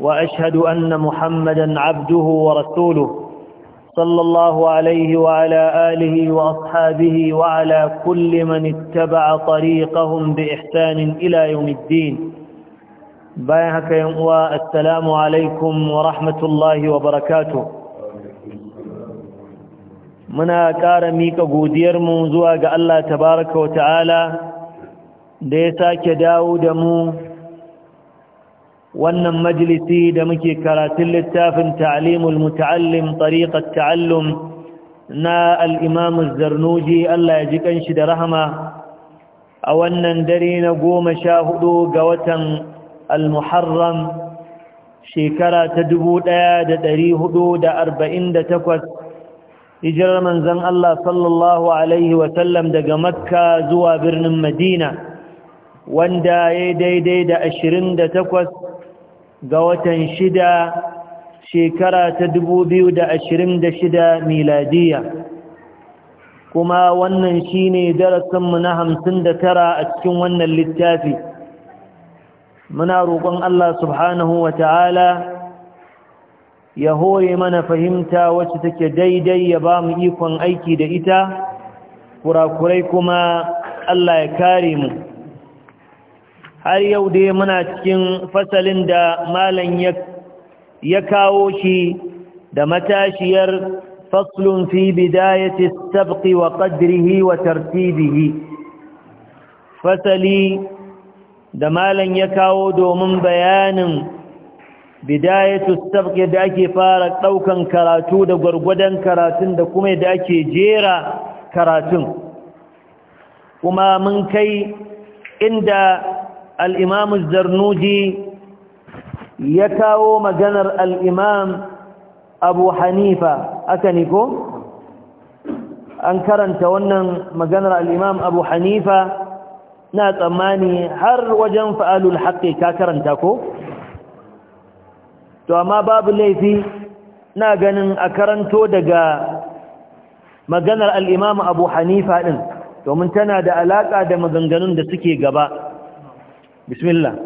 وأشهد أن محمدا عبده ورسوله صلى الله عليه وعلى آله وأصحابه وعلى كل من اتبع طريقهم بإحسان إلى يوم الدين بايهك يموى السلام عليكم ورحمة الله وبركاته منا كارميك قودير منذوك الله تبارك وتعالى ديساك داود مو wannan majalisi da muke karatun littafin ta'limul muta'allim tariqat ta'allum na al-imam az-zarnuji Allah ya ji kanshi da rahama a wannan dare na 14 ga watan al-muharram shekara ta 1448 hijirar manzon Allah sallallahu alaihi wa sallam daga makka zuwa birnin madina wanda ya daidai da 28 ga watan shida shekara ta dubu biyu da da shida miladiya kuma wannan shine darasinmu na hamsin da tara a cikin wannan littafi muna roƙon Allah subhanahu wa ta'ala ya hore mana fahimta wacce take daidai ya ba mu ikon aiki da ita kurakurai kuma Allah ya kare mu har yau dai muna cikin fasalin da malam ya kawo shi da matashiyar faslun fi bidayati sabqi wa qadrihi wa tartibihi fasali da malam ya kawo domin bayanin bidayatu sabqi da ake fara daukan karatu da gurgudan karatun da kuma da ake jera karatun kuma mun kai inda al zarnuji ya kawo maganar al abu hanifa aka ko an karanta wannan maganar alimam abu hanifa na tsammani har wajen fa'alul haƙƙi ka karanta ko to amma babu laifi na ganin a karanto daga maganar al'imam abu hanifa ɗin domin tana da alaƙa da maganganun da suke gaba بسم الله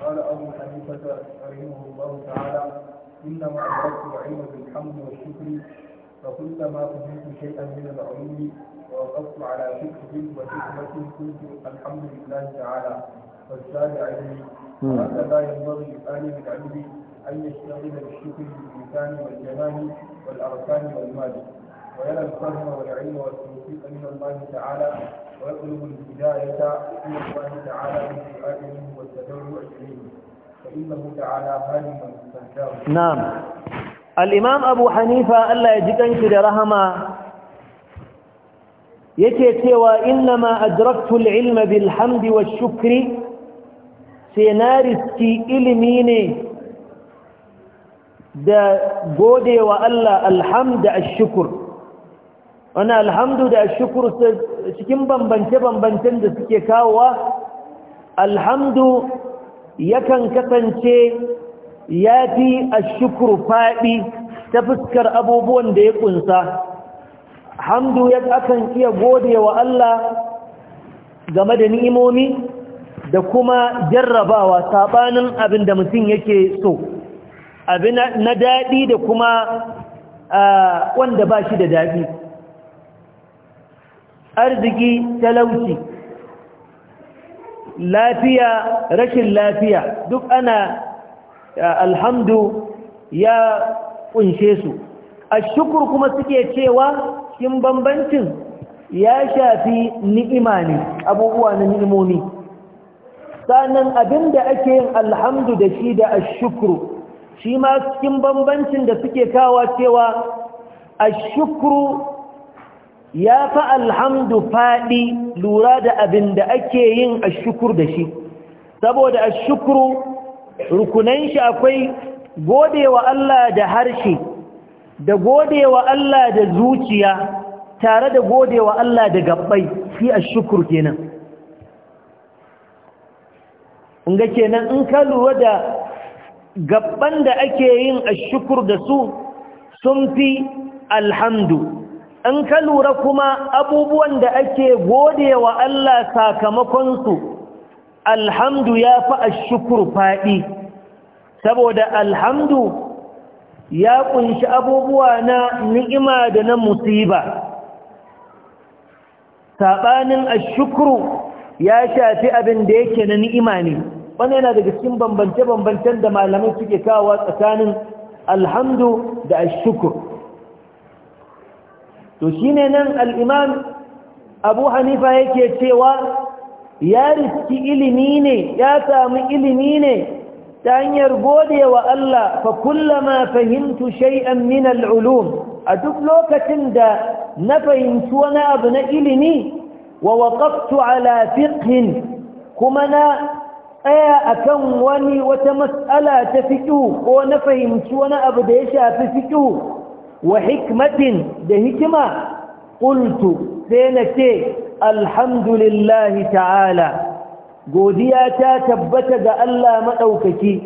قال أبو حنيفة رحمه الله تعالى إنما أدركت العلم بالحمد والشكر فكلما فهمت شيئا من العلوم ووقفت على فكره وشكرة كنت الحمد لله تعالى فازداد علمي لا ينبغي من العلم أن يشتغل بالشكر باللسان والجنان والأركان والمال ويرى الفهم والعلم والتوفيق من الله تعالى ويطلب الهداية إلى الله تعالى بسؤاله والتدرع إليه فإنه تعالى هادم فهداه نعم الإمام أبو حنيفة ألا يجدنك لرحمة yake cewa innama adraktul أدركت العلم بالحمد والشكر shukri senaristi ilimi ne da godewa Allah alhamda ash wani alhamdu da shukuru cikin bambance-bambancen da suke kawowa alhamdu yakan kasance ya fi a shukuru faɗi ta fuskar abubuwan da ya ƙunsa hamdu ya akan iya gode wa Allah game da ni'imomi da kuma jarrabawa saɓanin abin da mutum yake so abin na daɗi da kuma ah, wanda ba shi da daɗi arziki talauci lafiya rashin lafiya duk ana alhamdu ya kunshe su a shukur kuma suke cewa cikin bambancin ya shafi ni'ima ne abubuwa na ni'imomi sannan abinda ake yin alhamdu da shi da ashukru shi ma cikin bambancin da suke kawo cewa ashukru ya fa alhamdu faɗi lura da abin da ake yin shukur da shi saboda shukuru rukunan shi akwai godewa Allah da harshe da godewa Allah da zuciya tare da godewa Allah da gabbai shi ashukur kenan ga kenan in ka lura da gabban da ake yin ashukur da su sun fi alhamdu An ka lura kuma abubuwan da ake gode wa Allah sakamakonsu alhamdu ya fi ashukur faɗi saboda alhamdu ya kunshi abubuwa na ni'ima da na musiba saɓanin ashukuru ya shafi abin da yake na ni'ima ne wani yana daga cikin bambance-bambancen da malamai suke kawo tsakanin alhamdu da ashukur to shine nan alimam abu hanifa yake cewa ya riski ilimi ne ya samu ilimi ne ta hanyar gode wa Allah fa kullama fahimtu shay'an min al-ulum a duk lokacin da na fahimci wani abu na ilimi wa waqaftu ala kuma na tsaya akan wani wata mas'ala ta fiqh ko na fahimci wani abu da ya shafi fiqh wa hikmatin da hikima qultu sai na ce alhamdulillahi ta'ala godiya ta tabbata ga Allah madaukaki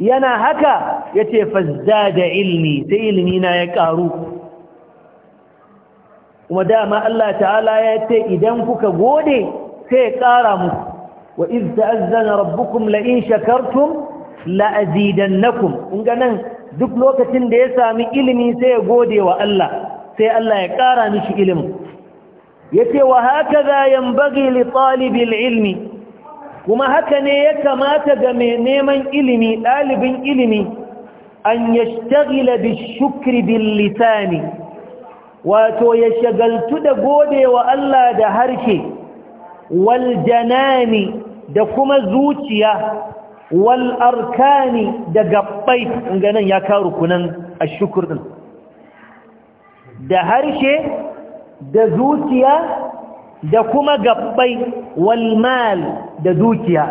yana haka yace fazzada ilmi sai ilmi na ya karu kuma dama Allah ta'ala ya ce idan kuka gode sai ya kara muku wa iz ta'azzana rabbukum la in shakartum la azidannakum kun ga nan duk lokacin da ya sami ilimi sai ya gode wa Allah sai Allah ya ƙara mishi ilimi yace wa haka za yanbaghi li talibil ilmi kuma haka ne ya kamata ga mai neman ilimi ɗalibin ilimi an yashtagila shukri bil lisani wato ya shagaltu da gode wa Allah da harshe wal janani da kuma zuciya wal arkani da gabbai inga nan ya kawo rukunan ashukur din da harshe da zuciya da kuma gabbai wal mal da dukiya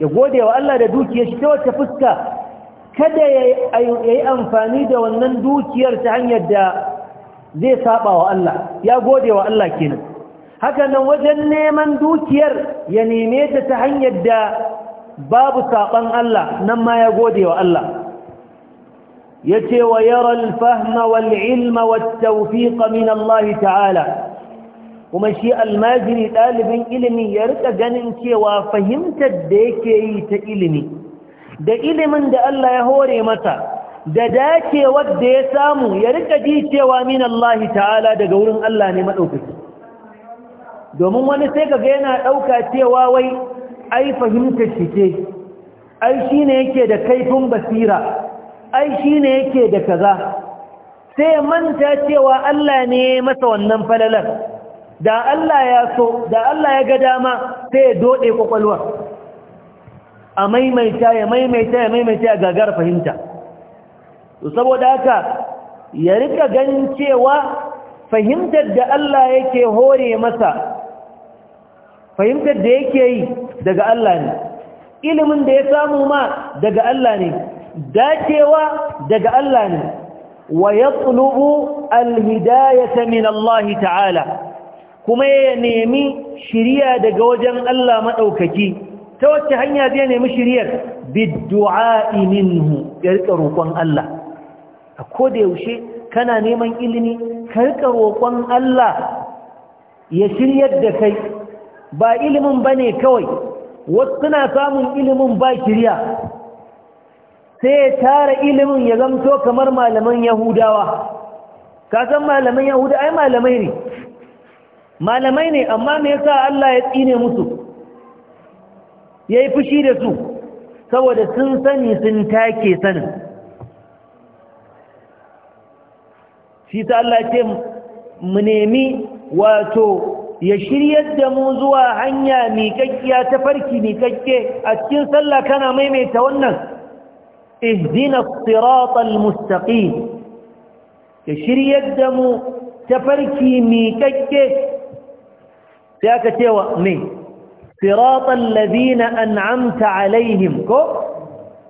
ya gode wa Allah da dukiyar shi ta wata fuska kada ya yi amfani da wannan dukiyar ta hanyar da zai saba wa Allah ya gode wa Allah kenan haka nan wajen neman dukiyar ya neme ta ta hanyar da babu saban Allah nan ma ya gode wa Allah ce wa yara al wal ilma wat tawfiq min Allah ta'ala kuma shi almajiri dalibin ilimi ya rika ganin cewa fahimtar da yake yi ta ilimi da ilimin da Allah ya hore mata da dacewar da ya samu ya rika ji cewa min Allah ta'ala daga wurin Allah ne madaukaki domin wani sai kaga yana dauka cewa wai ai fahimtar cike, ai shi ne yake da kaifin basira ai shi ne yake da kaza sai manta cewa Allah ne masa wannan falalar da Allah ya so da Allah ya ga dama sai ya dode kwakwalwar a maimaita ya maimaita ya maimaita ya gagar fahimta to saboda haka ya rika ganin cewa fahimtar da Allah yake hore masa fahimtar da yake yi daga Allah ne ilimin da ya samu ma daga Allah ne dacewa daga Allah ne wa yatlubu alhidayata min Allah ta'ala kuma ya nemi shiriya daga wajen Allah madaukaki ta wacce hanya zai nemi shiriyar biddu'a minhu ya rika roƙon Allah a koda yaushe kana neman ilimi ka rika roƙon Allah ya shiryar da kai ba ilimin bane kawai wasu suna samun ilimin ba kiriya sai ya tara ilimin ya zamto kamar malaman yahudawa kasan malaman yahuda ai malamai ne malamai ne amma me yasa Allah ya tsine musu yayi fushi da su saboda sun sani sun take sanin shi ta Allah ce mu nemi wato ya shiryar da mu zuwa hanya miƙaƙƙiya ta farki a cikin sallah kana maimaita wannan ihdina siratal mustaqim ya shiryar da mu ta farki miƙaƙƙe sai aka cewa me siratal ladina an'amta alaihim ko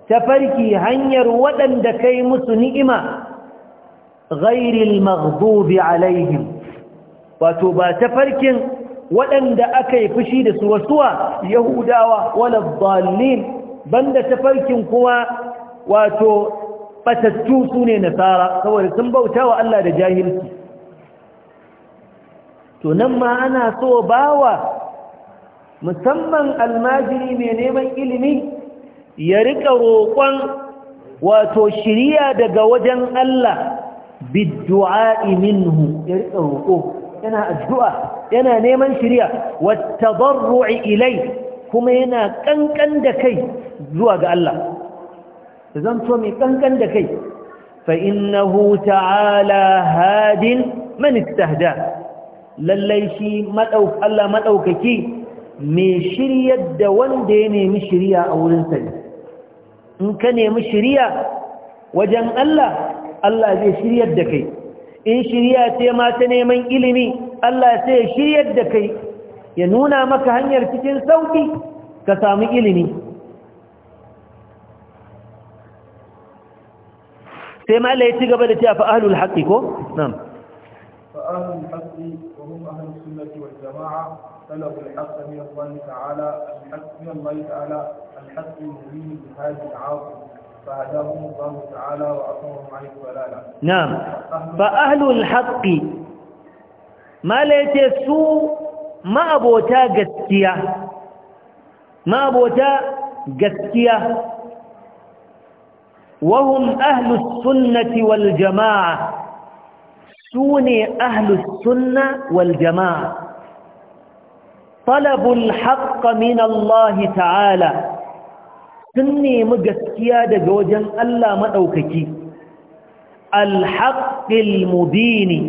ta farki hanyar waɗanda kai musu ni'ima ghairil maghdubi alaihim wato ba ta farkin waɗanda aka yi fushi da su wasuwa yahudawa wala dalil banda ta farkin kuma wato batattu su nasara saboda sun bauta wa Allah da jahilci to nan ma ana so bawa musamman almajiri mai neman ilimi ya rika roƙon wato shiriya daga wajen Allah du'a minhu ya rika roƙo yana addu'a yana neman wata wattadarru'i ilai kuma yana ƙanƙan da kai zuwa ga Allah zanto mai ƙanƙan da kai fa innahu ta'ala hadin man istahda lallai shi Allah maɗaukaki mai shiryar da wanda ya nemi shirya a wurin sa in ka nemi shirya wajen Allah Allah zai shiryar da kai in shirya ce ma ta neman ilimi Allah sai ya shiryar da kai ya nuna maka hanyar cikin sauki ka samu ilimi sai ma Allah ya ci gaba da cewa fa ahlul haqqi ko na'am fa ahlul haqqi wa hum ahlus sunnati wal jamaa talabu al haqq min Allah ta'ala al haqq min Allah ta'ala al haqq min hadhihi al 'aqib فهداهم الله تعالى وعصمهم عن الضلالة نعم فأهل الحق ما ليتسو ما أبوتا قسكية ما أبوتا قسكية وهم أهل السنة والجماعة سوني أهل السنة والجماعة طلبوا الحق من الله تعالى sun nemi gaskiya daga wajen Allah maɗaukaki alhaƙil mubini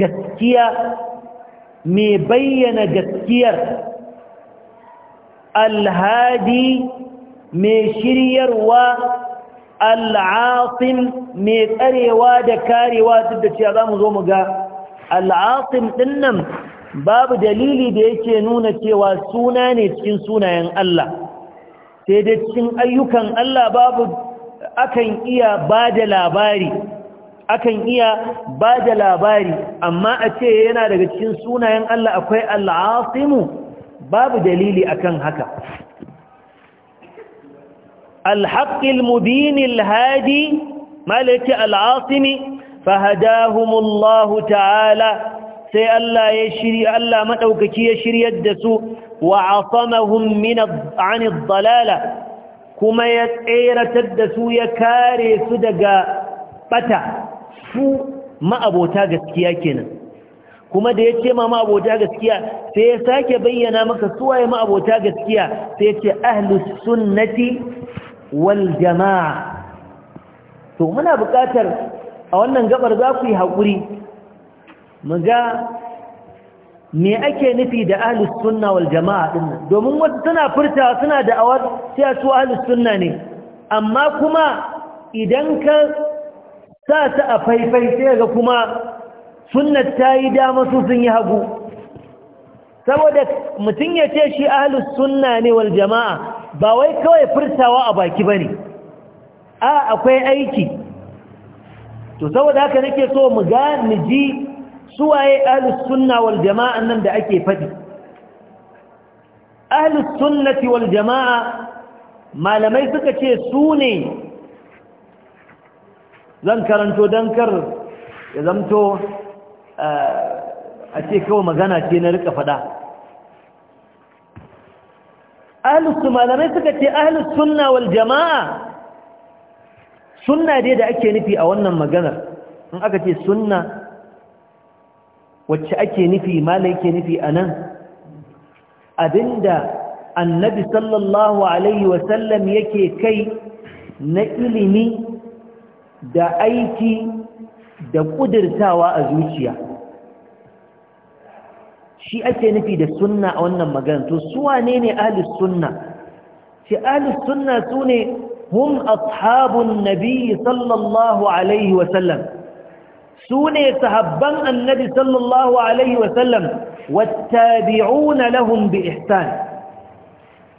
gaskiya mai bayyana gaskiyar alhadi mai shiryarwa al'asim mai tsarewa da karewa duk da cewa za mu zo mu ga al'asim ɗin babu dalili da yake nuna cewa suna ne cikin sunayen Allah sai dai cikin ayyukan Allah babu akan iya ba da labari akan iya ba da labari amma a ce yana daga cikin sunayen Allah akwai al'asimu babu dalili akan haka alhaƙil mubinil hadi malaki al'asimi fahadahumullahu ta'ala sai Allah ya shiri Allah madaukaki ya shiryar da su wa asamahum min anid dalala kuma ya tseratar da su ya kare su daga bata su ma'abota gaskiya kenan kuma da ya ce ma ma'abota gaskiya sai ya sake bayyana maka suwaye ma'abota gaskiya sai ya ce ahlus sunnati wal jama'a to muna buƙatar a wannan gabar za ku yi haƙuri mu ga me ake nufi da ahlus sunna wal jama'a din domin wasu suna furtawa suna da awar sai su ahlus sunna ne amma kuma idan ka sa ta a faifai sai ga kuma sunnar tayi yi dama su sun yi hagu saboda mutum ya ce shi ahlus sunna ne wal jama'a ba wai kawai furtawa a baki bane a akwai aiki to saboda haka nake so mu ga mu ji suwaye ahlus sunna wal jama'a nan da ake fadi ahlus sunnati wal jama'a malamai suka ce su ne zan karanto don kar ya zamto eh, a ce kawai magana ce na rika fada ahlus malamai suka ce ahlus sunna wal jama'a sunna dai da ake nufi a wannan maganar in aka ce sunna wacce ake nufi mala yake nufi a nan abinda annabi sallallahu alaihi wasallam yake kai na ilimi da aiki da ƙudurtawa a zuciya shi ake nufi da sunna a wannan magana to su wanene ne ahlus sunna shi ahlus sunna su ne hum ashabun nabi sallallahu alaihi wasallam su ne sahabban annabi sallallahu alaihi wasallam wattabi'una lahum bi ihsan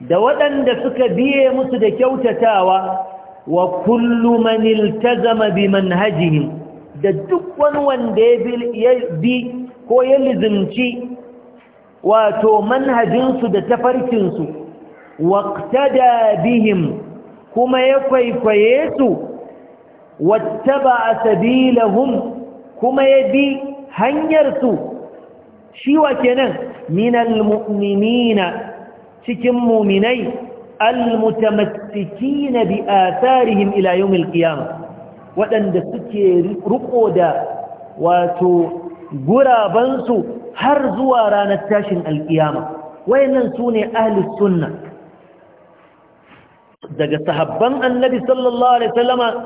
da waɗanda suka biye musu da kyautatawa wa kullu man iltazama bi manhajihim da duk wani wanda ya bi ko ya lizimci wato manhajinsu da tafarkinsu waqtada bihim kuma ya kwaikwaye su wattaba sabilahum kuma ya bi hanyarsu shi wa kenan minal mu'minina cikin muminai na bi atharihim ila yawmil qiyamah waɗanda suke riko da wato gurabansu har zuwa ranar tashin alkiyama wayannan su ne ahlus sunna daga sahabban annabi sallallahu alaihi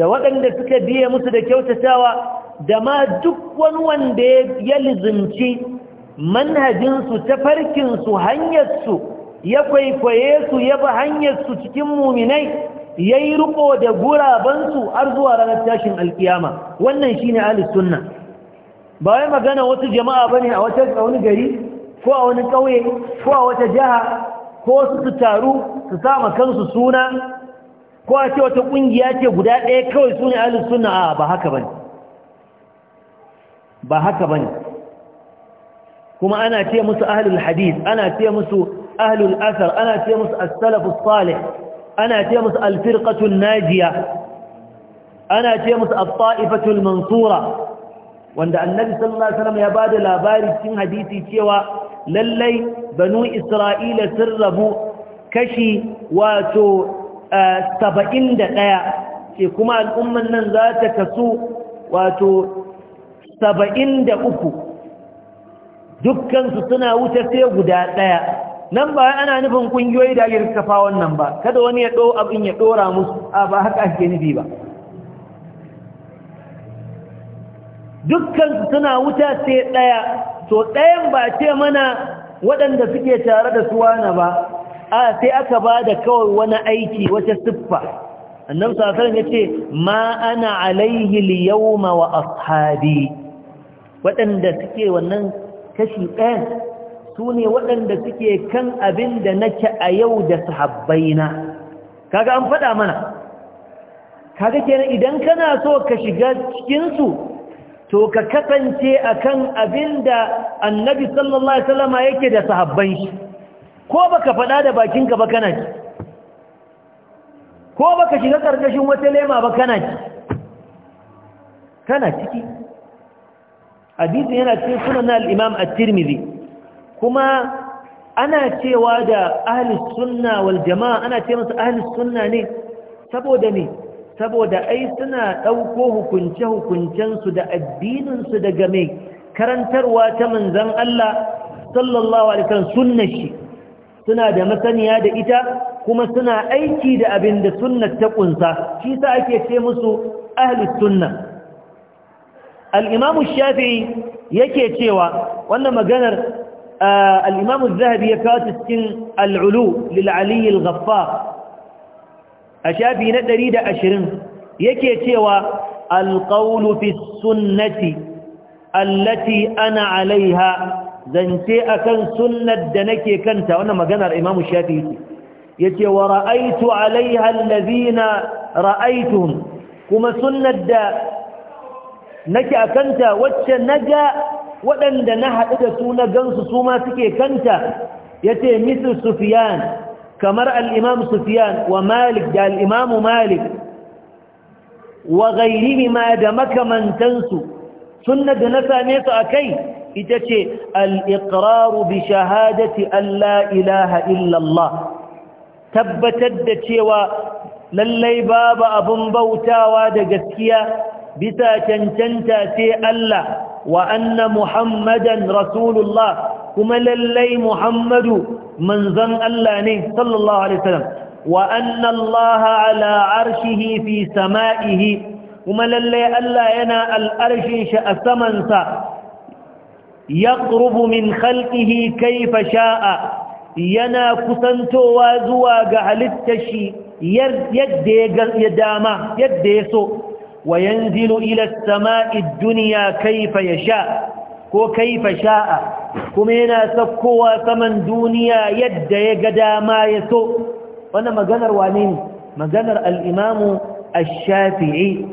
da waɗanda suka biye musu da kyautatawa da ma duk wani wanda ya lizimci manhajinsu ta farkinsu hanyarsu ya kwaikwaye su ya bi hanyarsu cikin muminai ya yi riko da gurabansu har zuwa ranar tashin alkiyama wannan shi ne alisunna ba wai magana wasu jama'a ba ne a wani gari ko a wani ƙauye ko a wata jiha ko su su taru su sama kansu suna ko a ce wata ƙungiya ce guda ɗaya kawai su ne alisunna a ba haka ba ne ba haka bane kuma ana ce musu ahlul hadis ana ce musu ahlul asar ana ce musu as salih ana ce musu Alfirƙatun najiya ana ce musu at mansura wanda annabi sallallahu alaihi wasallam ya bada labari cikin hadisi cewa lallai banu isra'ila sun rabu kashi wato eh, da ɗaya kuma al'umman nan za ta kasu wato saba'in da uku dukkansu suna wuta sai guda ɗaya nan ba ana nufin ƙungiyoyi da ake kafa wannan ba kada wani ya ɗau abin ya ɗora musu a ba haka ake nufi ba dukkansu suna wuta sai ɗaya to ɗayan ba ce mana waɗanda suke tare da su suwana ba a sai aka ba da kawai wani aiki wata siffa annabta sallallahu alaihi wasallam yace ma ana alaihi al wa ashabi waɗanda suke wannan kashi ɗaya su ne waɗanda suke kan abin da nake a yau da sahabbaina kaga an faɗa mana kaga kenan idan kana so ka shiga cikinsu to ka kasance a kan abin da annabi sallallahu alaihi wasallama yake da sahabban shi ko baka faɗa da bakinka ba kana ci ko baka shiga ƙarƙashin wata lema ba kana ci kana ciki hadisin yana cikin sunan al-imam at-tirmidhi kuma ana cewa da ahli sunna wal jama'a ana ce masa ahli sunna ne saboda ne saboda ai suna dauko hukunce hukuncen su da addinin su daga mai karantarwa ta manzon Allah sallallahu alaihi wasallam sunnar shi suna da masaniya da ita kuma suna aiki da abin da sunnar ta kunsa shi sa ake ce musu ahli sunna al'imamu shafi yake cewa wannan maganar eh, al'imamu zahabi ya kawo cikin al'ulu lil'aliyyar gaffa a shafi na ɗari da ashirin yake cewa alƙaunu fi sunnati allati ana alaiha zance akan sunnar da nake kanta wannan maganar imamu shafi ya ce wa ra'aitu alaiha allazina ra'aitu kuma sunnar da nake a kanta wacce na ga waɗanda na haɗu da su na gansu su ma suke kanta ya ce misir sufiyan kamar al'imam sufiyan wa malik da al'imamu malik wa gairimi ma da makamantansu sunna da na same su a kai ita ce al'iƙararu bi shahadati Allah ilaha illallah tabbatar da cewa lallai babu abin bautawa da gaskiya bisa cancanta sai Allah wa anna muhammadan rasulullah kuma lallai muhammadu manzon Allah ne sallallahu alaihi wasallam wa anna Allah ala arshihi fi sama'ihi kuma lallai Allah yana al'arshin shi a samansa yaqrubu min khalqihi kayfa sha'a yana kusantowa zuwa ga halittar shi yadda ya dama yadda ya so وينزل إلى السماء الدنيا كيف يشاء كو كيف شاء كمينا سفكوا ثمن دنيا يد يقدا ما يسوء وانا مقنر وانين مقنر الإمام الشافعي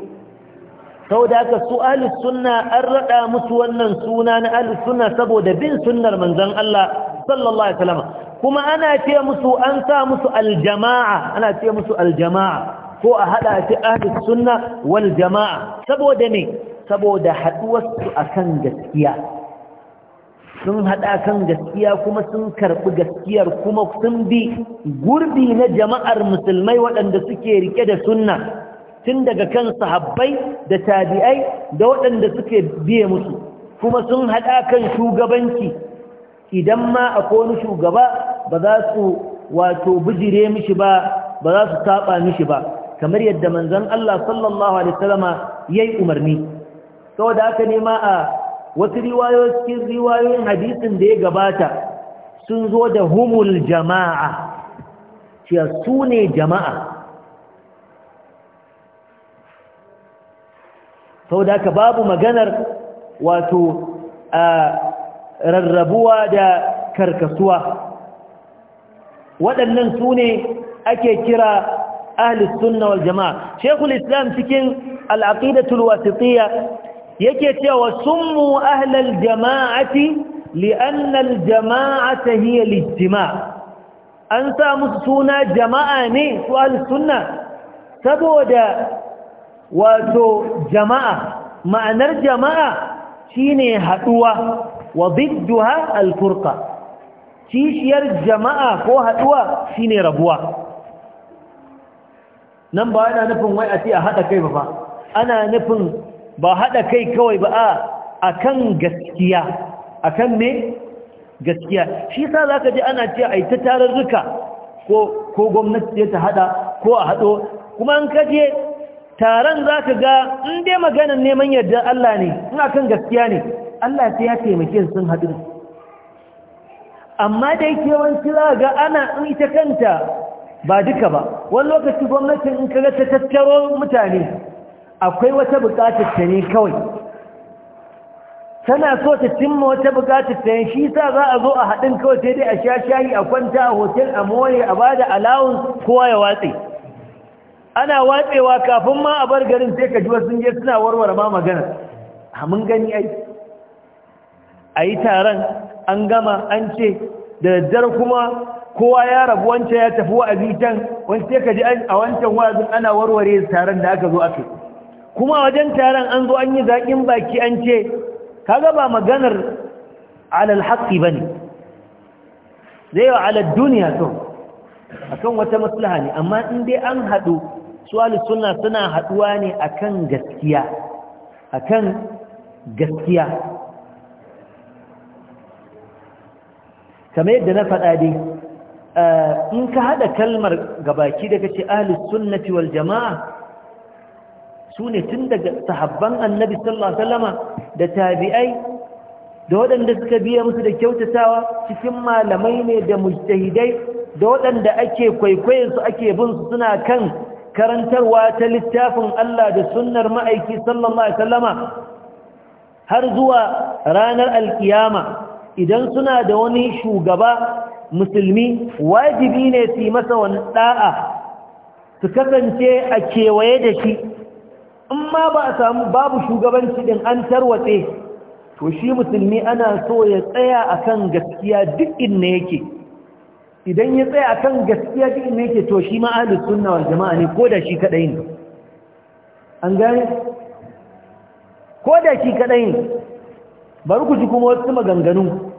sau da aka su sunna an raɗa musu wannan suna na sunna saboda bin sunnar manzan Allah sallallahu Alaihi wasallam kuma ana ce musu an sa musu aljama'a ana ce musu aljama'a ko a haɗa shi ahlus sunna wal jama'a saboda ne saboda haduwar akan gaskiya sun haɗa kan gaskiya kuma sun karɓi gaskiyar kuma sun bi gurbi na jama'ar musulmai waɗanda suke rike da sunna tun daga kan sahabbai da tabi'ai da waɗanda suke biye musu kuma sun haɗa kan shugabanci idan ma a wani shugaba ba za su wato bijire mishi ba ba za su saba mishi ba kamar yadda manzon Allah sallallahu alaihi ya yayi umarni saboda haka ne ma a wasu riwayoyi cikin riwayoyin hadisin da ya gabata sun zo da humul jama'a cewa su ne jama'a da haka babu maganar wato rarrabuwa da karkasuwa waɗannan su ne ake kira ahli sunna wal jama'a shaykhul islam cikin al aqidatul wasitiyya yake cewa summu ahli al jama'ati li'anna al jama'ata hiya al ijtima' an sa musu suna jama'a ne su ahli sunna saboda wato jama'a ma'anar jama'a shine haduwa wa bidduha al furqa kishiyar jama'a ko haduwa shine rabuwa nan ba yana nufin wai a ce a haɗa kai ba ana nufin ba haɗa kai kawai ba a kan gaskiya a kan me gaskiya shi sa za ka ji ana ce a yi ta tararruka ko gwamnati ta haɗa ko a haɗo kuma an kaje taron za ka ga in dai maganar neman yarda Allah ne in kan gaskiya ne Allah sai ya taimake sun haɗu amma dai yawanci za ga ana in ita kanta ba duka ba wani lokaci gwamnatin in kaga ta tattaro mutane akwai wata bukatar ta ne kawai tana so ta cimma wata bukatar ta shi sa za a zo a haɗin kawai sai dai a sha shayi a kwanta a hotel a moye a ba da alawun kowa ya watse ana watsewa kafin ma a bar garin sai ka ji wasu je suna warware ma magana a mun gani ai a yi taron an gama an ce da daddare kuma kowa ya rabu wancan ya tafi wa'azi can wancan ka ji a wancan wa'azin ana warware taron da aka zo aka kuma wajen taron an zo an yi zaƙin baki an ce kaga ba maganar alal haƙi ba ne zai wa alal duniya to akan wata maslaha ne amma in dai an haɗu suwali suna suna haɗuwa ne kan gaskiya kan gaskiya kamar yadda na faɗa dai Eh, in ka haɗa kalmar gabaki daga ce ahli sunnati wal jama'a su ne tun daga sahabban annabi sallallahu alaihi da tabi'ai da waɗanda suka biya musu da kyautatawa cikin malamai ne da mujtahidai da waɗanda ake kwaikwayon su ake bin su suna kan karantarwa ta littafin Allah da sunnar ma'aiki sallallahu alaihi wasallama har zuwa ranar alkiyama idan suna da wani shugaba musulmi wajibi ne su masa wani da'a su kasance a kewaye da shi in ma ba a samu babu shugabanci din an tarwatse to shi musulmi ana so ya tsaya akan gaskiya duk inda yake idan ya tsaya akan gaskiya duk inda yake to shi ma ahlus sunna wal jama'a ne ko da shi kadai ne an gane ko da shi kadai ne bari ku ji kuma wasu maganganu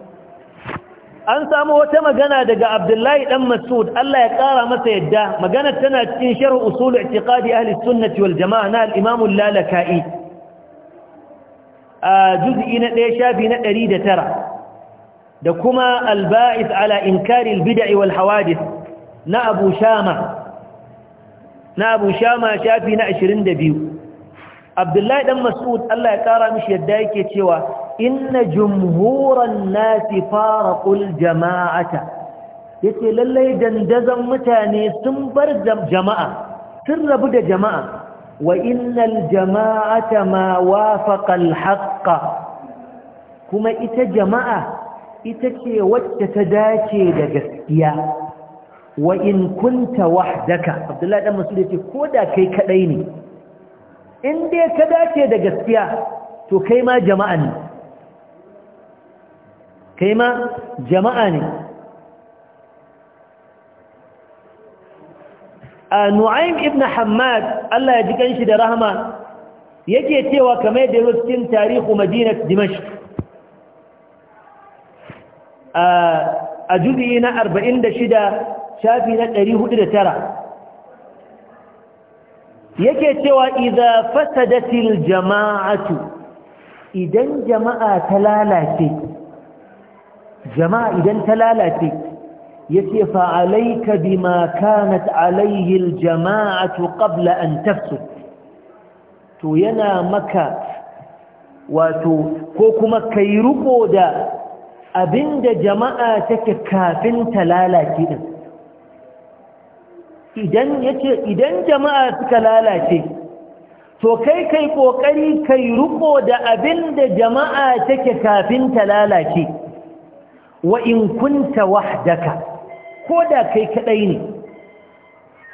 an samu wata magana daga abdullahi dan masud Allah ya kara masa yadda magana tana cikin sharh usul i'tiqadi ahli sunnati wal jamaa na al-imam al-lalaka'i a juz'i na 1 shafi na 109 da kuma al-ba'ith ala inkari al-bid'i wal hawadith na abu shama na abu shama shafi na 22 abdullahi dan mas'ud Allah ya kara mishi yadda yake cewa inna jumhuran nasi faraqul jama'ata yace lallai dandazan mutane sun bar jama'a sun rabu da jama'a wa innal jama'ata ma wafaqa al kuma ita jama'a ita ce wacce ta dace da gaskiya wa in kunta wahdaka abdullahi dan mas'ud yace koda kai kadai ne in dai ka dace da gaskiya to kai ma jama'a ne kai ma jama'a ne a ibn hammad Allah ya ji kanshi da rahama yake cewa kamar da cikin tarihu madinat dimash a juzi na 46 shafi na 409 yake cewa idza fasadatil jama'atu idan jama'a ta lalace jama'a idan ta lalace yace fa alayka bima kanat alayhi al jama'atu qabla an tafsud to yana maka wato ko kuma kai ruko da abinda jama'a take kafin ta lalace din idan yace idan jama'a suka lalace to kai kai kokari kai ruko da abin da jama'a take kafin ta lalace wa in kunta wahdaka da kai kadai ne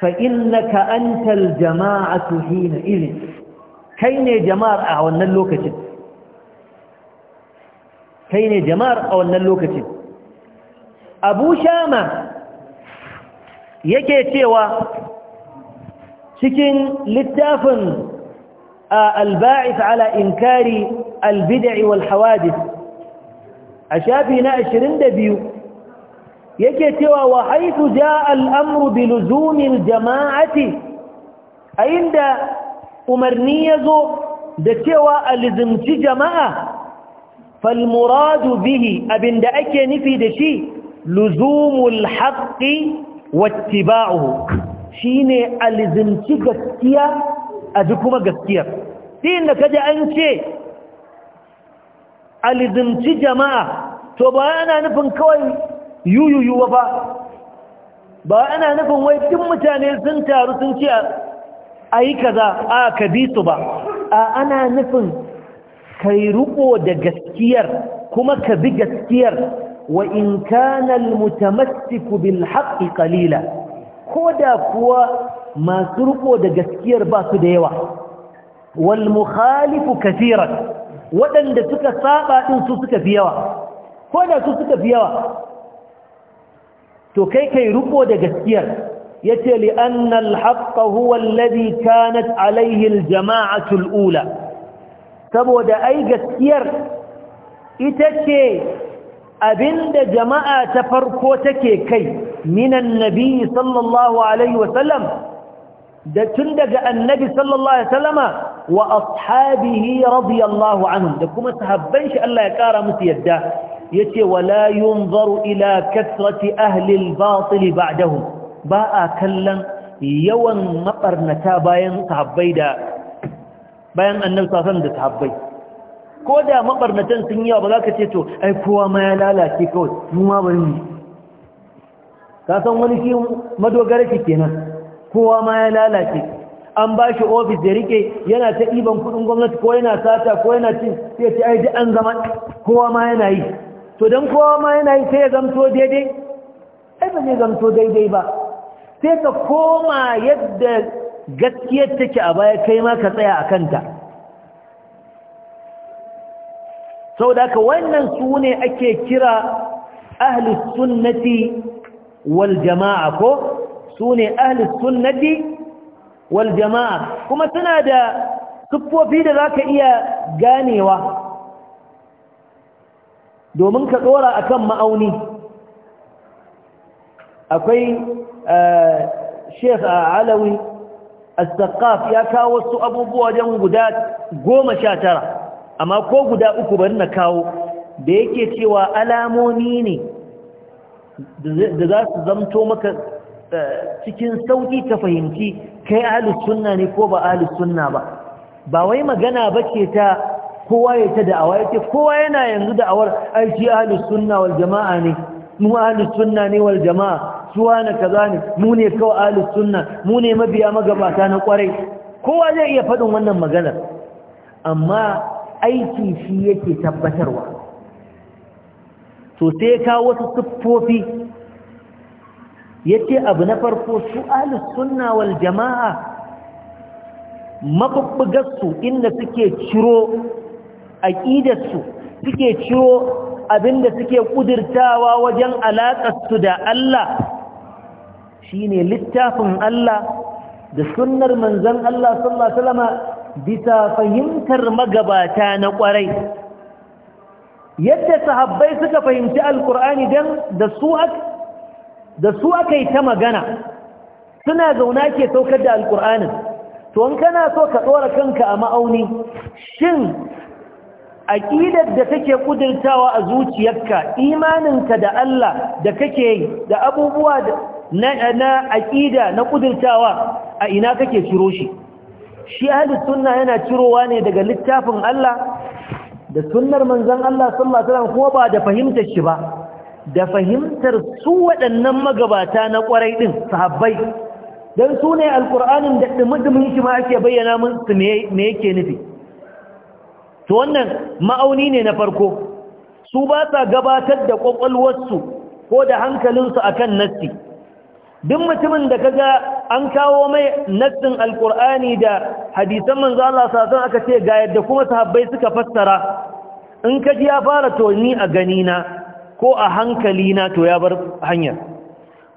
fa innaka antal jama'atu hina idin kai ne jama'ar a wannan lokacin kai ne jama'ar a wannan lokacin abu shama yake cewa cikin littafin al-ba'ith ala inkari al-bid'i wal hawadith a shafi na 22 yake cewa wa haythu jaa al-amru bi luzumi al-jama'ati inda umarni yazo da cewa alizimci jama'a fal muradu bihi abinda ake nufi da shi luzumul haqqi wattiba'uhu shine alizimci gaskiya a ji kuma gaskiyar din da kaje an ce alizimci jama'a to ba yana nufin kawai yuyuyu ba ba ana nufin wai duk mutane sun taru sun ce a yi kaza a ka bi su ba a ana nufin kai riko da gaskiyar kuma ka bi gaskiyar wa in kana almutamassiku bil haqqi qalila koda kuwa masu riko da gaskiyar ba su da yawa wal mukhalifu kathiran waɗanda suka saba din su suka fi yawa koda su suka fi yawa to kai kai riko da gaskiyar yace li anna alhaq huwa alladhi kanat alayhi aljama'atu alula saboda ai gaskiyar ita ce abinda jama'a ta farko take kai minan nabi sallallahu alaihi wasallam da tun daga annabi sallallahu alaihi wasallama wa ashabihi radiyallahu anhum da kuma sahabban shi Allah ya kara musu yadda yace wala yunzaru ila kathrati ahli al-batil ba'dahum ba a kallan yawan mabarnata bayan sahabbai da bayan annabi sallallahu alaihi wasallam da sahabbai ko da mabarnatan sun yi ba za ka ce to ai kowa ma ya lalace kawai mu ma bari mu ka san wani shi madogara shi kenan kowa ma ya lalace an ba shi ofis da rike yana ta ɗiban kuɗin gwamnati ko yana sata ko yana cin sai ce ai duk an zama kowa ma yana yi to don kowa ma yana yi sai ya zamto daidai ai ba zai zamto daidai ba sai ka koma yadda gaskiyar take a baya kai ma ka tsaya a kanta saboda wannan su ne ake kira ahli sunnati wal jama'a ko su ne ahli sunnati wal jama'a kuma suna da siffofi da za ka iya ganewa domin ka a akan ma'auni akwai eh, Sheikh Alawi al ya kawo wasu abubuwa wajen guda goma sha tara amma ko guda uku bari na kawo da yake cewa alamomi ne da za su zamto maka eh, cikin sauƙi ta fahimci kai ahlus sunna ne ko ba ahlus sunna ba ba wai magana bace ta kowa ya ta da'awa yake kowa yana yanzu da'awar aiki ahlus sunna wal jama'a ne mu ahlus sunna ne wal jama'a suwa na kaza ne mu ne kawai ahlus sunna mu ne mabiya magabata na kwarai kowa zai iya faɗin wannan maganar amma aiki shi yake tabbatarwa to sai ka wasu siffofi yace abu na farko su ahlus sunna wal jama'a mabubbugarsu inda suke ciro aƙidarsu suke ciro abinda suke ƙudurtawa wajen alaƙarsu da Allah shi ne littafin Allah da sunnar manzan Allah sallallahu Alaihi bisa fahimtar magabata na kwarai yadda sahabbai suka fahimci alkur'ani dan da su aka yi ta magana suna zauna ke saukar da alkur'anin to kana so ka tsora kanka a ma'auni shin aƙidar da kake ƙudurtawa a zuciyarka imaninka da Allah da kake yi da abubuwa na aƙida na ƙudurtawa a ina kake ciro shi shi ahlus sunna yana cirowa ne daga littafin Allah da sunnar manzon Allah sallallahu alaihi wasallam ko ba da fahimtar shi ba da fahimtar su waɗannan magabata na ƙwarai din sahabbai dan sune ne alqur'anin da dumudumin shi ma ake bayyana mun su me yake nufi to wannan ma'auni ne na farko su ba sa gabatar da kwakwalwarsu ko da hankalinsu akan nassi duk mutumin da kaga an kawo mai nassin alkur'ani da hadisan manzo Allah sallallahu aka ce ga yadda kuma sahabbai suka fassara in ka ji ya fara to ni a gani ko a hankali na to ya bar hanya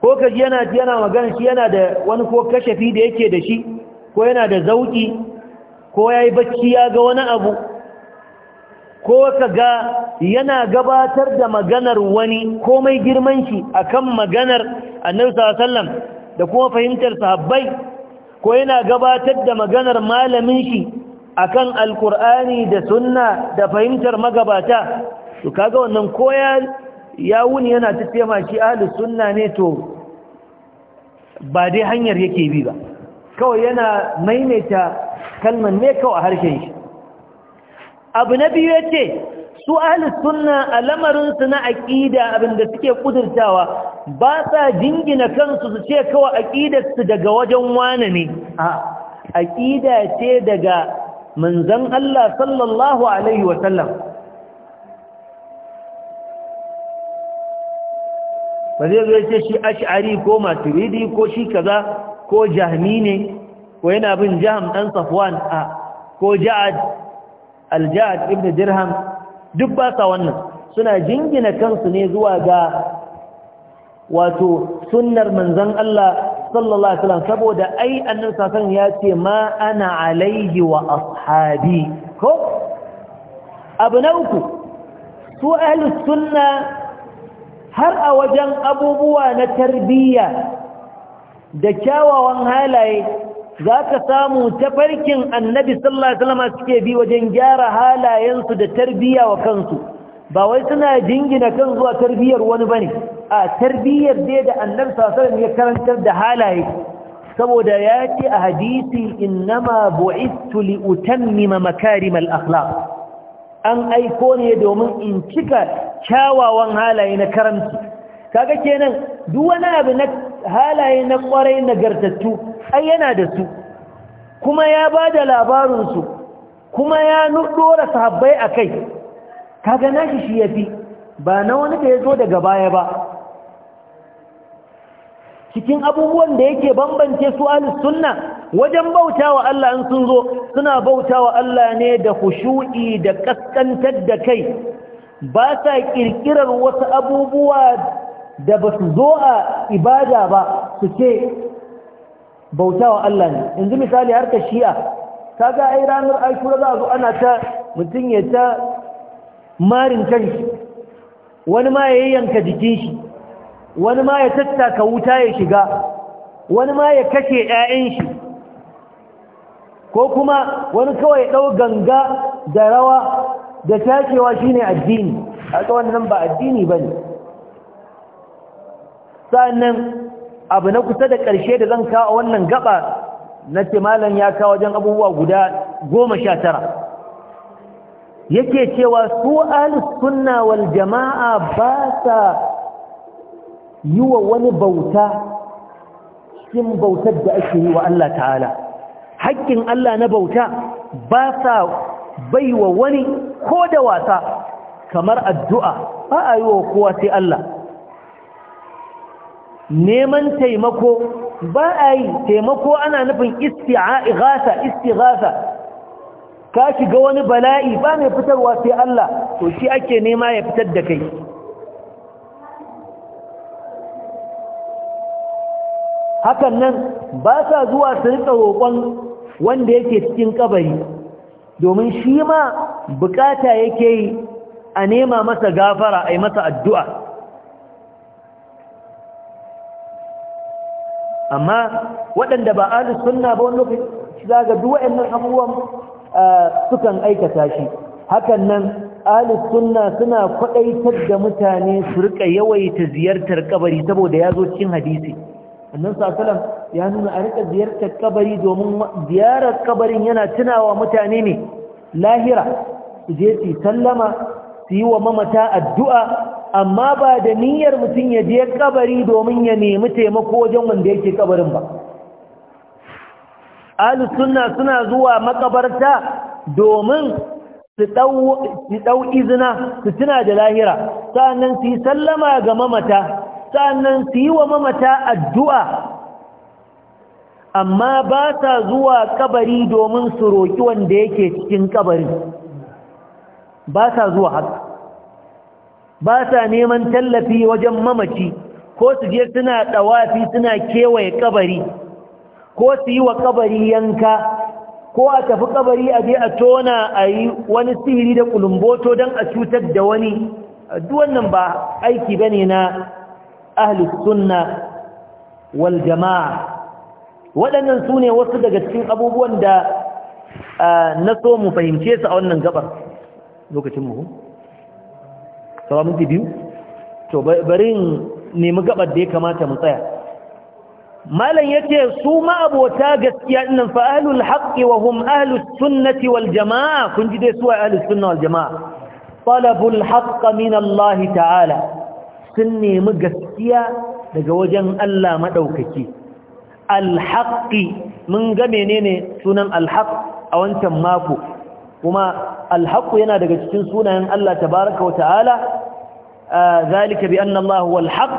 ko ka ji yana yana magana shi yana da wani ko kashafi da yake da shi ko yana da zauki ko yayi bacci ya ga wani abu ko ka ga yana gabatar da maganar wani komai girman shi akan maganar annabi sallallahu da kuma fahimtar sahabbai ko yana gabatar da maganar malamin shi akan alkur'ani da sunna da fahimtar magabata to kaga wannan koya ya wuni yana tafiya shi ahlus sunna ne to ba dai hanyar yake bi ba kawai yana maimaita kalman ne kawai a harshen shi abu na biyu ya ce su ahalus sunna a lamarinsu na aƙida abinda suke ƙudurtawa ba sa jingina kansu su ce kawai aƙidarsu daga wajen wane ne a aƙida ce daga manzan Allah sallallahu Alaihi wasallam ba zai zai ce shi ash'ari ko maturidi ko shi kaza ko jahmi ne ko yana bin jiham ɗan safwan a ko ja'ad aljad ibn dirham duk ba sa wannan suna jingina kansu ne zuwa ga wato sunnar manzon Allah sallallahu alaihi wasallam saboda ai annabi sallallahu ya ce ma ana alaihi wa ashabi ko abu na uku su ahlus sunna har a wajen abubuwa na tarbiyya da kyawawan halaye za ka samu tafarkin annabi sallallahu alaihi wasallam suke bi wajen gyara halayensu da tarbiya wa kansu ba wai suna jingina kan zuwa tarbiyar wani bane a tarbiyar dai da annabi sallallahu ya karantar da halaye saboda ya ce a hadisi innama bu'ittu li utammima makarimal akhlaq an aiko ne domin in cika kyawawan halaye na karamci kaga kenan duk wani abu na halaye na kwarai nagartattu ai yana da su kuma ya ba da labarinsu kuma ya da sahabbai a kai kaga na shi ya fi ba na wani da ya zo daga baya ba cikin abubuwan da yake bambance su sunna wajen bautawa Allah in sun zo suna bautawa Allah ne da khushu'i da kaskantar da kai ba sa kirkirar wasu abubuwa da ba su zo a ibada ba su ce bautawa Allah ne yanzu misali harkar shi'a kaga ai ranar ashura za a zo ana ta mutum ya ta marin kanshi wani ma ya yanka jikin shi wani ma ya tattaka wuta ya shiga wani ma ya kashe 'ya'yan shi ko kuma wani kawai ɗau ganga da rawa da tashewa shine addini a nan ba addini ba ne abu na kusa da ƙarshe da zan kawo wannan gaba na malam ya kawo wajen abubuwa guda goma sha tara yake cewa su sunna wal jama'a ba sa yi wa wani bauta cikin bautar da ake yi wa Allah ta'ala haƙƙin Allah na bauta ba sa bai wa wani ko da wasa kamar addu'a ba a yi wa kowa sai Allah neman taimako ba a yi taimako ana nufin isti'a'igasa isti'gasa ka shiga wani bala'i ba mai fitarwa sai Allah to shi ake nema ya fitar da kai hakan nan ba sa zuwa su rika roƙon wanda yake cikin kabari domin shi ma bukata yake yi a nema masa gafara a masa addu'a amma waɗanda ba ahlus sunna ba wani lokaci za ga duk waɗannan abubuwan sukan aikata shi hakan nan ahlus sunna suna kwaɗaitar da mutane su rika yawaita ziyartar kabari saboda ya zo cikin hadisi annan sasalam ya nuna a rika ziyartar kabari domin ziyarar kabarin yana tunawa mutane ne lahira su je su sallama su yi wa mamata addu'a amma ba da niyyar mutum ya je kabari domin ya nemi taimako wajen wanda yake kabarin ba ahlus sunna suna zuwa makabarta domin su ɗau izina su tuna da lahira sa’an su yi sallama ga mamata sa’an su yi wa mamata addu'a amma ba sa zuwa kabari domin su roƙi wanda yake cikin kabarin ba sa zuwa haka ba sa neman tallafi wajen mamaci ko su je suna ɗawafi suna kewaye kabari ko su yi wa kabari yanka ko a tafi kabari a je a tona a yi wani sihiri da kulumboto don a cutar da wani wannan ba aiki bane na ahlus sunna wal jama'a waɗannan su ne wasu daga cikin abubuwan da ah, na so mu fahimce su a wannan gabar lokacin muhu saura minti biyu to bari nemi gabar da ya kamata mu tsaya malam yace su ma'abota gaskiya dinnan fa ahlul haqqi wa hum ahlus sunnati wal jamaa kun ji dai su ahlus sunna wal jamaa talabul haqqa min Allah ta'ala sun nemi gaskiya daga wajen Allah madaukaki al haqqi mun ga menene sunan al haqq a wancan mako kuma alhaku yana daga cikin sunayen Allah tabaraka wa ta'ala zalika bi anna Allah huwa alhaq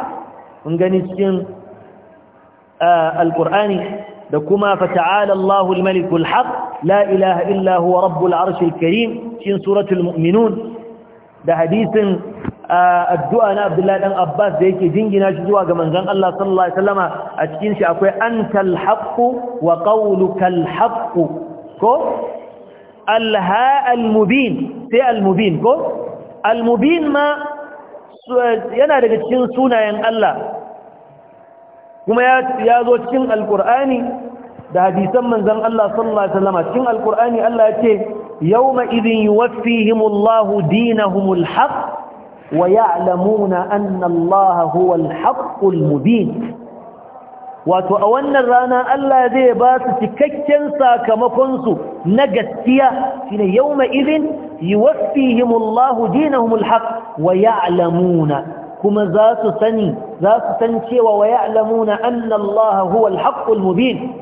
mun gani cikin alqur'ani da kuma fa ta'ala Allahu alhaq la ilaha illa huwa rabbul arshil karim cikin suratul mu'minun da hadisin addu'a na Abdullahi dan Abbas da yake dingina shi zuwa ga manzon Allah sallallahu alaihi wasallama a cikin shi akwai antal haqq wa qawlukal haqq ko alha المبين sai المبين كو المبين ما يانا daga cikin sunayen Allah kuma ya yazo cikin alqur'ani da hadisan manzon Allah sallallahu alaihi wasallam cikin alqur'ani Allah ya ce yawma idin yuwaffihimullahu dinahumul haqq wa ya'lamuna anna Allah huwal haqqul mubin wato a wannan rana Allah zai ba su cikakken sakamakonsu na gaskiya shine yawma idhin yuwaffihimullahu dinahumul haqq wa ya'lamuna kuma za su sani za su san cewa wa ya'lamuna anna Allah huwal mubin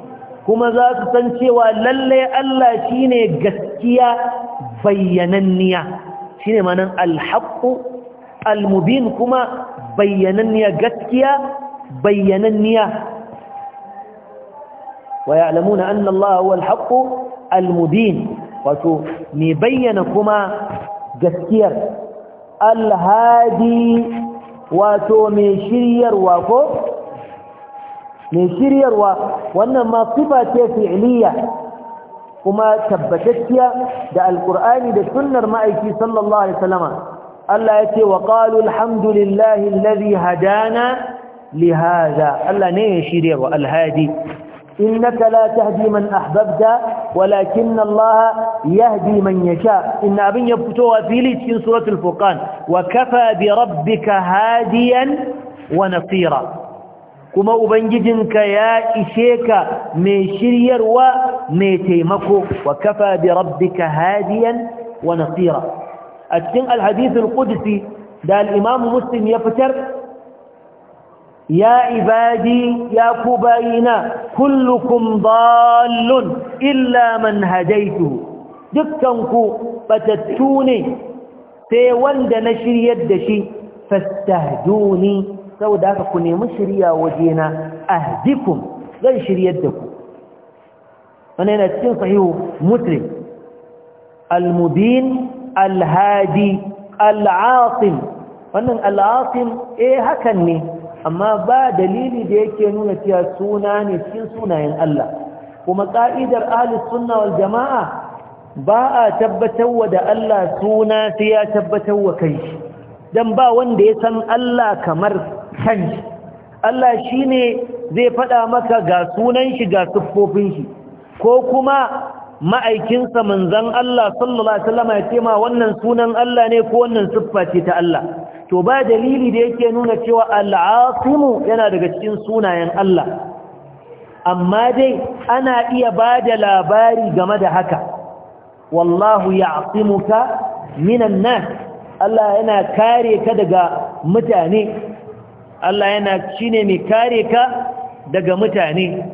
kuma za su san cewa lalle Allah shine gaskiya bayyananniya shine manan al al kuma bayyananniya gaskiya bayyananniya wa ya'lamuna anna Allah huwa al-haqq al-mubin wato mai bayyana kuma gaskiyar al-hadi wato mai shiryarwa ko mai shiryarwa wannan ma sifa ce fi'liya kuma tabbatacciya da alqur'ani da sunnar ma'aiki sallallahu alaihi wasallama Allah yace wa qalu alhamdulillahi alladhi hadana li hadha Allah ne ya shiryarwa al-hadi إنك لا تهدي من أحببت ولكن الله يهدي من يشاء إن أبن يبكتوا أفيلي في سورة الفرقان وكفى بربك هاديا ونصيرا كما أبنججنك يا إشيك من شرير وميتيمكو وكفى بربك هاديا ونصيرا أتسن الحديث القدسي ده الإمام مسلم يفتر ya ibadi ya kubayina kullukun dallun illa man hadaytu dukkanku batattuni sai wanda na shiryar da shi fastahduni saboda haka ku nemi shirya wajena ahdikum zan shiryar da ku wannan yana cikin sahihu muslim almubin alhadi al'asim wannan al'asim eh hakan ne amma ba dalili da yake nuna cewa suna ne cikin sunayen Allah kuma ka'idar ahlus sunna wal jama'a ba a tabbatarwa da Allah suna sai ya tabbatarwa kai dan ba wanda ya san Allah kamar kanshi Allah shine zai faɗa maka ga sunan shi ga siffofin shi ko kuma ma'aikinsa manzon Allah sallallahu alaihi wasallam ya ce ma wannan sunan Allah ne ko wannan siffa ce ta Allah to ba dalili da yake nuna cewa al'asimu yana daga cikin sunayen Allah amma dai ana iya ba da labari game da haka wallahu ya'simuka minan nas Allah yana kare ka daga mutane Allah yana shine mai kare ka daga mutane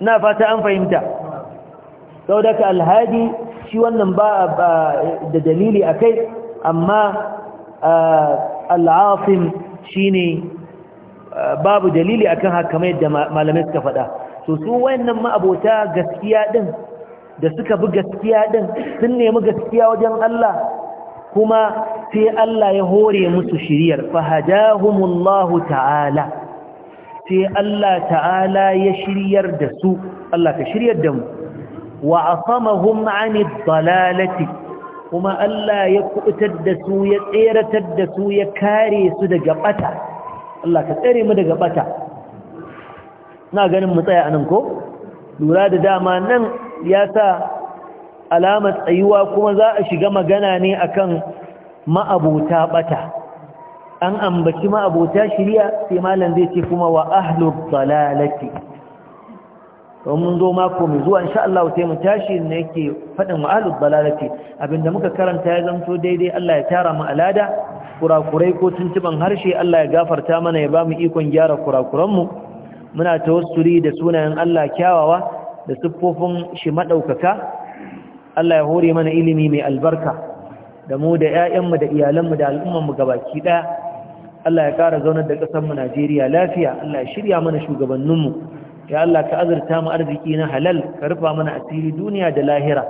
na fata an fahimta saboda alhadi shi wannan ba da dalili akai amma al'afin shine babu dalili akan haka kamar yadda malamai suka faɗa to su wayannan ma'abota gaskiya din da suka bi gaskiya din sun nemi gaskiya wajen Allah kuma sai Allah ya hore musu shiriyar fahadahumullahu ta'ala sai Allah ta'ala ya shiryar da su Allah ka shiryar da mu wa asamahum 'anid dalalati kuma Allah ya kubutar da su ya tseratar da su ya kare su daga ɓata. Allah ka tsere mu daga ɓata. na ganin mu tsaya anan ko lura da dama nan ya sa alamar tsayuwa kuma za a shiga magana ne akan ma'abota ɓata. an ambaci ma'abota shirya sai malam zai ce kuma wa ahlul mun zo mako mai zuwa insha Allah sai mu tashi ne yake faɗin ma'alud balalati abinda muka karanta ya zanto daidai Allah ya tara mu alada kurakurai ko tuntuban harshe Allah ya gafarta mana ya bamu ikon gyara kurakuran mu muna tawassuli da sunayen Allah kyawawa da siffofin shi madaukaka Allah ya hore mana ilimi mai albarka da mu da ƴaƴanmu da iyalanmu da ga gabaki daya Allah ya ƙara zaunar da mu Najeriya lafiya Allah ya shirya mana shugabanninmu ya Allah ka azurta mu arziki na halal ka rufa mana asiri duniya da lahira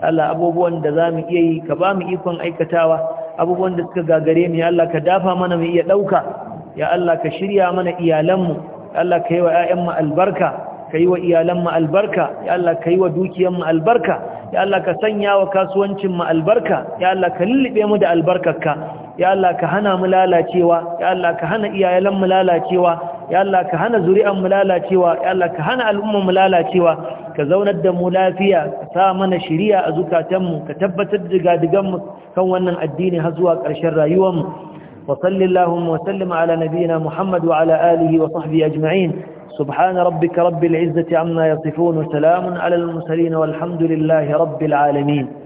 ya Allah abubuwan da zamu iya yi ka ba mu ikon aikatawa abubuwan da suka gagare mu ya Allah ka dafa mana mu iya ɗauka. ya Allah ka shirya mana iyalanmu ya Allah ka yi wa ƴaƴanmu albarka ka yi wa iyalanmu albarka ya Allah ka yi wa dukiyanmu albarka ya Allah ka sanya wa kasuwancin mu albarka ya Allah ka lullube mu da albarkarka ya Allah ka hana mu lalacewa ya Allah ka hana iyalan mu lalacewa ya Allah ka hana zuri'an mu lalacewa ya Allah ka hana al'umman mu lalacewa ka zaunar da mu lafiya ka sa mana shiriya a zukatan mu ka tabbatar da gadigan mu kan wannan addini har zuwa ƙarshen rayuwar mu wa sallallahu wa sallama ala nabiyina Muhammad wa ala alihi wa sahbihi ajma'in subhana rabbika rabbil izzati amma yasifun wa salamun ala al mursalin walhamdulillahi rabbil alamin